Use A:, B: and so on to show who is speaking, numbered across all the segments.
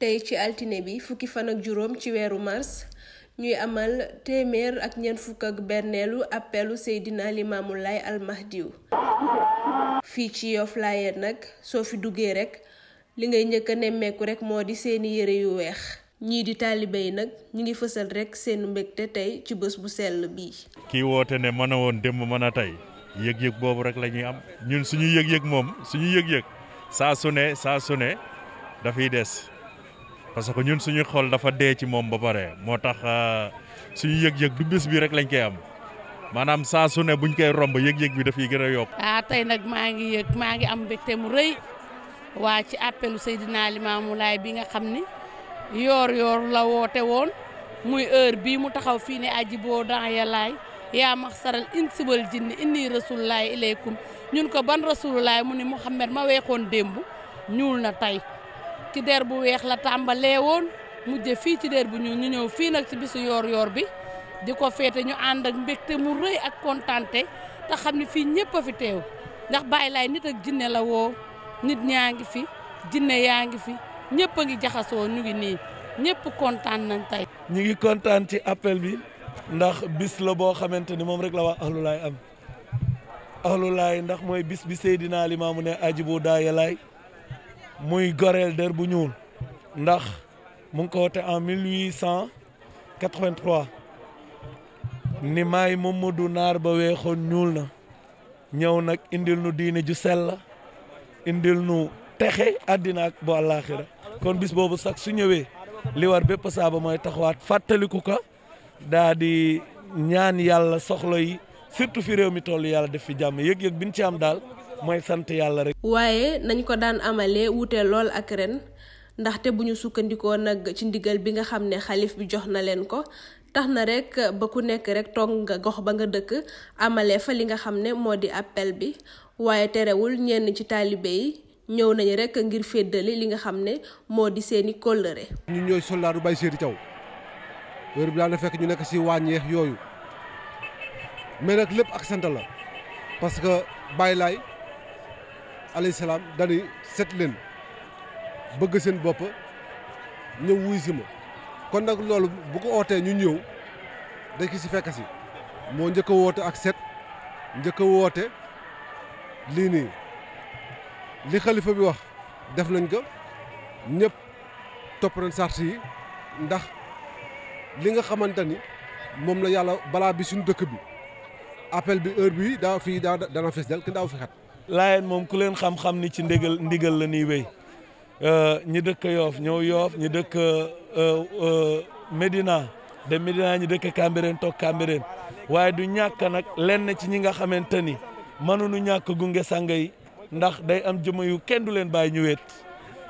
A: tey ci altine bi fukki fan ak juróom ci weeru mars ñuy amal téeméer ak ñeent fukk ak benneelu appelu Seydina Limaamu Laay almahdiw fii ci Yoff Layeen nag soo fi duggee rek li ngay njëkk nemmeeku rek moo di seeni yére yu weex ñii di taalibe yi nag ñu ngi fësal rek seen te tey ci bés bu sell bii
B: kiy woote ne mën a woon démb mën a tey yëg-yëg boobu rek lañuy ñuy am ñun suñu yëg-yëg moom suñu yëg-yëg saa su ne saa su ne dafay des parce que ñun suñu xol dafa dee ci moom ba pare moo tax euh, suñu yëg-yëg du bés bii rek lañ koy am maanaam saa su ne buñ koy romb yëg-yëg bi dafay gën a yokk.
C: ah tey nag maa ngi yëg maa ngi am mbégte mu rëy waa ci appelu Seydina Limamou Laye bi nga xam ni yoor-yoor la woote woon muy heure bii mu taxaw fii ne aji boo daan yàllaay yaa max saral insi wal jinni inni rasulullahi ilaykum ñun ko ban rasulullahi mu ni Mouhamed ma weexoon démb ñuul na tey. ci der bu weex la tàmbalee woon mujje fii ci der bu ñuul ñu ñëw fii nag ci bisu yoor-yoor bi di ko féete ñu ànd ak mbégte mu rëy ak kontante te xam ne fii ñëpp a fi teew ndax bàyyi laay nit ak jinne la woo nit ñaa ngi fi jinne yaa ngi fi ñëpp a ngi jaxasoo ñu ngi nii ñëpp kontaan nañ tey.
D: ñu ngi kontaan ci appel bi ndax bis la boo xamante ni moom rek la waa ahlulaay am ahlulaay ndax mooy bis bi Seydina Limaamu ne ajibu daaya laay muy goreel der bu ñuul ndax mu ngi ko wote en 1883 ni maay Mamadou naar ba weexoon ñuul na ñëw nag indil nu diine ju sell indil nu texe àddina ak bu àllaaxira kon bis boobu sax su ñëwee li war bépp saaba mooy taxawaat fàttaliku ka daa di ñaan yàlla soxla yi surtout fi réew mi toll yàlla def fi jàmm yëg-yëg bi ñu ci am daal mooy sant yàlla rek.
A: waaye nañ ko daan amalee wuute lool ak ren ndaxte bu ñu sukkandikoo nag ci ndigal bi nga xam ne xalif bi jox na leen ko tax na rekk ba ku nekk rek toog nga gox ba nga dëkk amale fa li nga xam ne moo di appel bi waaye terewul ñenn ci taalibe yi. ñëw nañu rek ngir féddali li nga xam ne moo di seeni kóllëre.
E: ñu ñooy soldaatu bay seeti caw wér bi daana fekk ñu nekk yooyu mais lépp ak sant la parce bàyyi laay alayhi salaam dañuy leen bëgg seen bopp ñëw wuy si ma kon nag loolu bu ko ootee ñu ñëw dañ ko si fekk si moo njëkk woote ak set njëkk a woote lii nii li xalifa bi wax def nañ ko ñëpp topp nañ sart yi ndax li nga xamante ni moom la yàlla balaa bi suñu dëkk bi appel bi heure bi daa fii daa dana fees del daa daaw fi xat laayeen moom ku leen xam-xam ni ci ndigal ndigal la ñuy wéy
D: euh, ñi dëkk yoof ñëw yoof ñi dëkk euh, euh, Médina de Médina ñi dëkk Cambérène toog Cambérène waaye du ñàkk nag lenn ci ñi nga xamante ni nu ñàkk gunge sàng yi ndax day am jëmm yu kenn du leen bàyyi ñu wéet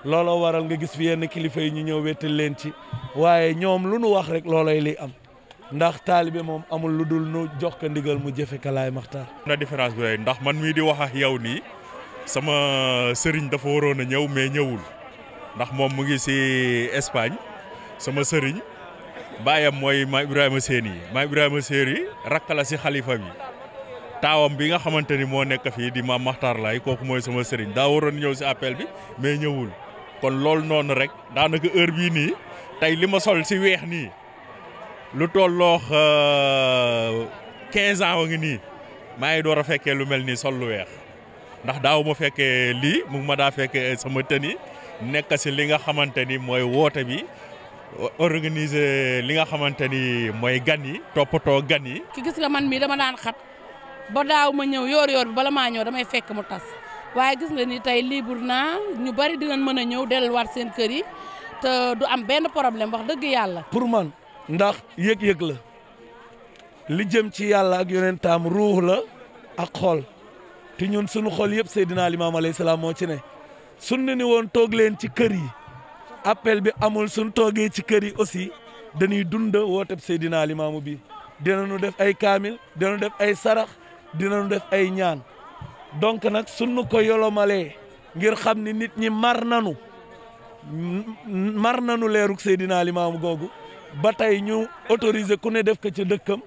D: looloo waral nga gis fi yenn kilifa yi ñu ñëw wéetal leen ci waaye ñoom lu nu wax rek loolay li am ndax taalibe moom amul lu dul nu jox ko ndigal mu jëfe kalaay maxtaar
B: na différence bi lay ndax man mii di wax ak yow nii sama sëriñ dafa waroon a ñëw mais ñëwul ndax moom mu ngi si Espagne sama sëriñ baayam mooy ma Ibrahima Séni yi ma Ibrahima Séni rakk la si xalifa bi taawam bi nga xamante ni moo nekk fii di maam maxtaar lay kooku mooy sama sëriñ daa waroon ñëw si appel bi mais ñëwul kon loolu noonu rek daanaka heure bii nii tey li ma sol si weex nii lu tolloox 15 euh, ans wa ngi nii maa ngi door a fekkee lu mel nii sol lu weex ndax daaw ma fekkee lii mu ma daa fekkee sama tëni nekk si li nga xamante ni mooy woote bi organiser li nga xamante ni mooy gan yi toppatoo gan yi.
C: ki gis nga man mii dama daan xat ba daaw ma ñëw yoor-yoor bi bala maa ñëw damay fekk mu tas waaye gis nga ni tey libre naa ñu bari dinañ mën a ñëw delluwaat seen kër yi te du am benn problème wax dëgg yàlla.
D: pour man. ndax yëg-yëg la li jëm ci yàlla ak yonentam ruux la ak xol te ñun sunu xol yëpp Seydina Limaamu alayhi salaam moo ci ne sun ni woon toog leen ci kër yi appel bi amul suñ toogee ci kër yi aussi dañuy dund wooteb Seydina Limaamu bi dinañu def ay kaamil dinañu def ay sarax dinañu def ay ñaan donc nag sunu ko yolomalee ngir xam ni nit ñi mar nanu mar nanu leerug Seydina Limaamu googu ba tey ñu autorisé ku ne def ko ci dëkkam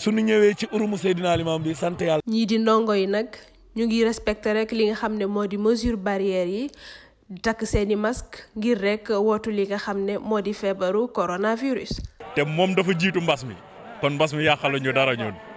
D: suñu ñëwee ci urumu Seydina Limaam bi sant yàlla.
A: ñii di ndongo yi nag ñu ngi respecté rek li nga xam ne moo di mesure barrière yi takk seeni masque ngir rek wootu li nga xam ne moo di feebaru coronavirus.
B: te moom dafa jiitu mbas mi kon mbas mi yàqalu ñu dara ñun.